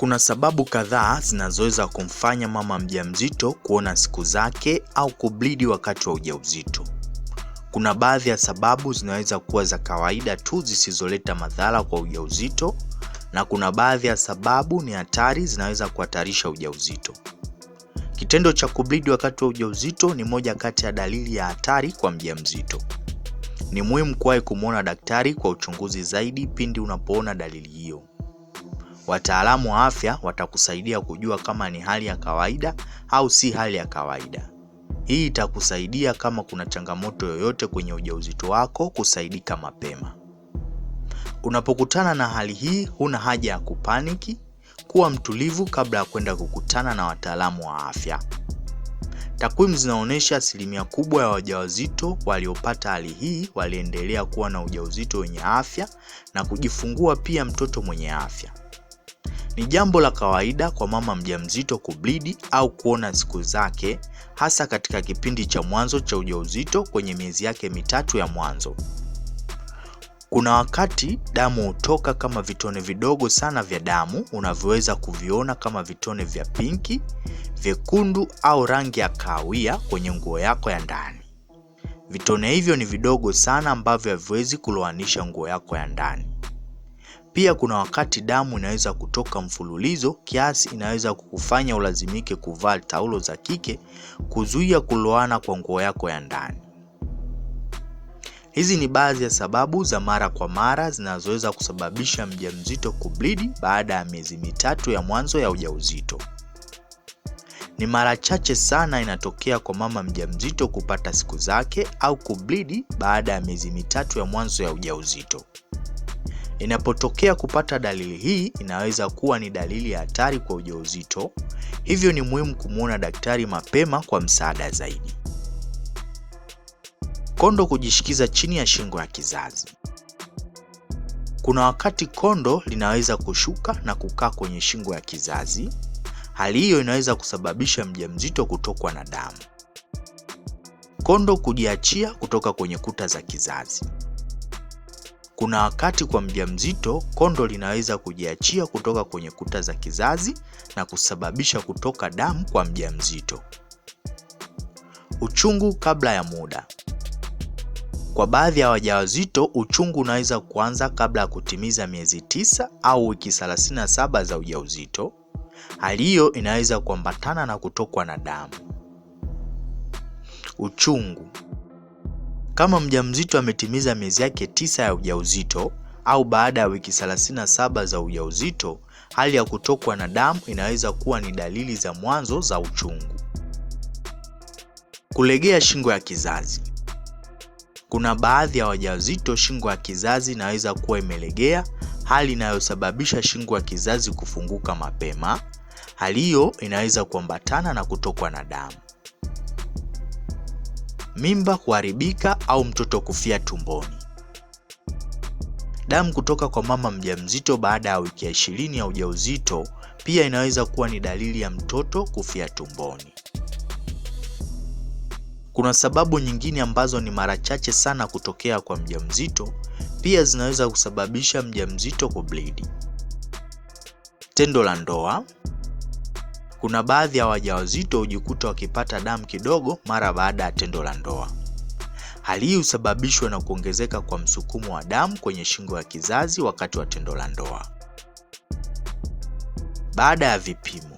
Kuna sababu kadhaa zinazoweza kumfanya mama mjamzito kuona siku zake au kublidi wakati wa ujauzito. Kuna baadhi ya sababu zinaweza kuwa za kawaida tu zisizoleta madhara kwa ujauzito na kuna baadhi ya sababu ni hatari zinaweza kuhatarisha ujauzito. Kitendo cha kublidi wakati wa ujauzito ni moja kati ya dalili ya hatari kwa mjamzito. Ni muhimu kuwahi kumwona daktari kwa uchunguzi zaidi pindi unapoona dalili hiyo. Wataalamu wa afya watakusaidia kujua kama ni hali ya kawaida au si hali ya kawaida. Hii itakusaidia kama kuna changamoto yoyote kwenye ujauzito wako kusaidika mapema. Unapokutana na hali hii, huna haja ya kupaniki. Kuwa mtulivu kabla ya kwenda kukutana na wataalamu wa afya. Takwimu zinaonyesha asilimia kubwa ya wajawazito waliopata hali hii waliendelea kuwa na ujauzito wenye afya na kujifungua pia mtoto mwenye afya. Ni jambo la kawaida kwa mama mjamzito kublidi au kuona siku zake, hasa katika kipindi cha mwanzo cha ujauzito kwenye miezi yake mitatu ya mwanzo. Kuna wakati damu hutoka kama vitone vidogo sana vya damu unavyoweza kuviona kama vitone vya pinki, vyekundu au rangi ya kahawia kwenye nguo yako ya ndani. Vitone hivyo ni vidogo sana ambavyo haviwezi kulowanisha nguo yako ya ndani. Pia kuna wakati damu inaweza kutoka mfululizo kiasi inaweza kukufanya ulazimike kuvaa taulo za kike kuzuia kuloana kwa nguo yako ya ndani. Hizi ni baadhi ya sababu za mara kwa mara zinazoweza kusababisha mjamzito kublidi baada ya miezi mitatu ya mwanzo ya ujauzito. Ni mara chache sana inatokea kwa mama mjamzito kupata siku zake au kublidi baada ya miezi mitatu ya mwanzo ya ujauzito. Inapotokea kupata dalili hii, inaweza kuwa ni dalili ya hatari kwa ujauzito, hivyo ni muhimu kumwona daktari mapema kwa msaada zaidi. Kondo kujishikiza chini ya shingo ya kizazi. Kuna wakati kondo linaweza kushuka na kukaa kwenye shingo ya kizazi. Hali hiyo inaweza kusababisha mjamzito kutokwa na damu. Kondo kujiachia kutoka kwenye kuta za kizazi. Kuna wakati kwa mjamzito kondo linaweza kujiachia kutoka kwenye kuta za kizazi na kusababisha kutoka damu kwa mjamzito. Uchungu kabla ya muda. Kwa baadhi ya wajawazito, uchungu unaweza kuanza kabla ya kutimiza miezi tisa au wiki 37 za ujauzito. Hali hiyo inaweza kuambatana na kutokwa na damu. Uchungu kama mjamzito ametimiza miezi yake tisa ya ujauzito au baada ya wiki 37 za ujauzito, hali ya kutokwa na damu inaweza kuwa ni dalili za mwanzo za uchungu. Kulegea shingo ya kizazi. Kuna baadhi ya wajawazito shingo ya kizazi inaweza kuwa imelegea, hali inayosababisha shingo ya kizazi kufunguka mapema. Hali hiyo inaweza kuambatana na kutokwa na damu mimba kuharibika au mtoto kufia tumboni. Damu kutoka kwa mama mjamzito baada ya wiki ya ishirini ya ujauzito pia inaweza kuwa ni dalili ya mtoto kufia tumboni. Kuna sababu nyingine ambazo ni mara chache sana kutokea kwa mjamzito, pia zinaweza kusababisha mjamzito kubleed. Tendo la ndoa kuna baadhi ya wajawazito hujikuta wakipata damu kidogo mara baada ya tendo la ndoa. Hali hii husababishwa na kuongezeka kwa msukumo wa damu kwenye shingo ya kizazi wakati wa tendo la ndoa. Baada ya vipimo,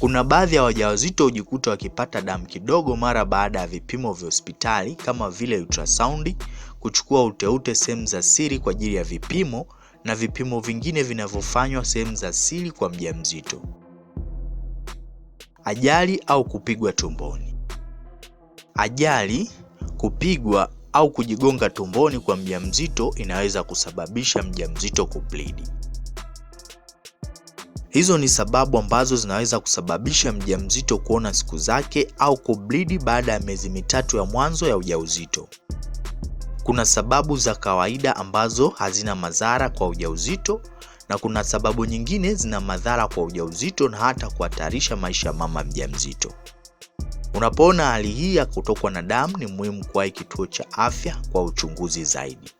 kuna baadhi ya wajawazito hujikuta wakipata damu kidogo mara baada ya vipimo vya hospitali kama vile ultrasound, kuchukua uteute sehemu za siri kwa ajili ya vipimo na vipimo vingine vinavyofanywa sehemu za siri kwa mjamzito ajali au kupigwa tumboni. Ajali, kupigwa au kujigonga tumboni kwa mjamzito inaweza kusababisha mjamzito kublidi. Hizo ni sababu ambazo zinaweza kusababisha mjamzito kuona siku zake au kublidi baada ya miezi mitatu ya mwanzo ya ujauzito. Kuna sababu za kawaida ambazo hazina madhara kwa ujauzito na kuna sababu nyingine zina madhara kwa ujauzito na hata kuhatarisha maisha ya mama mjamzito. Unapoona hali hii ya kutokwa na damu, ni muhimu kuwahi kituo cha afya kwa uchunguzi zaidi.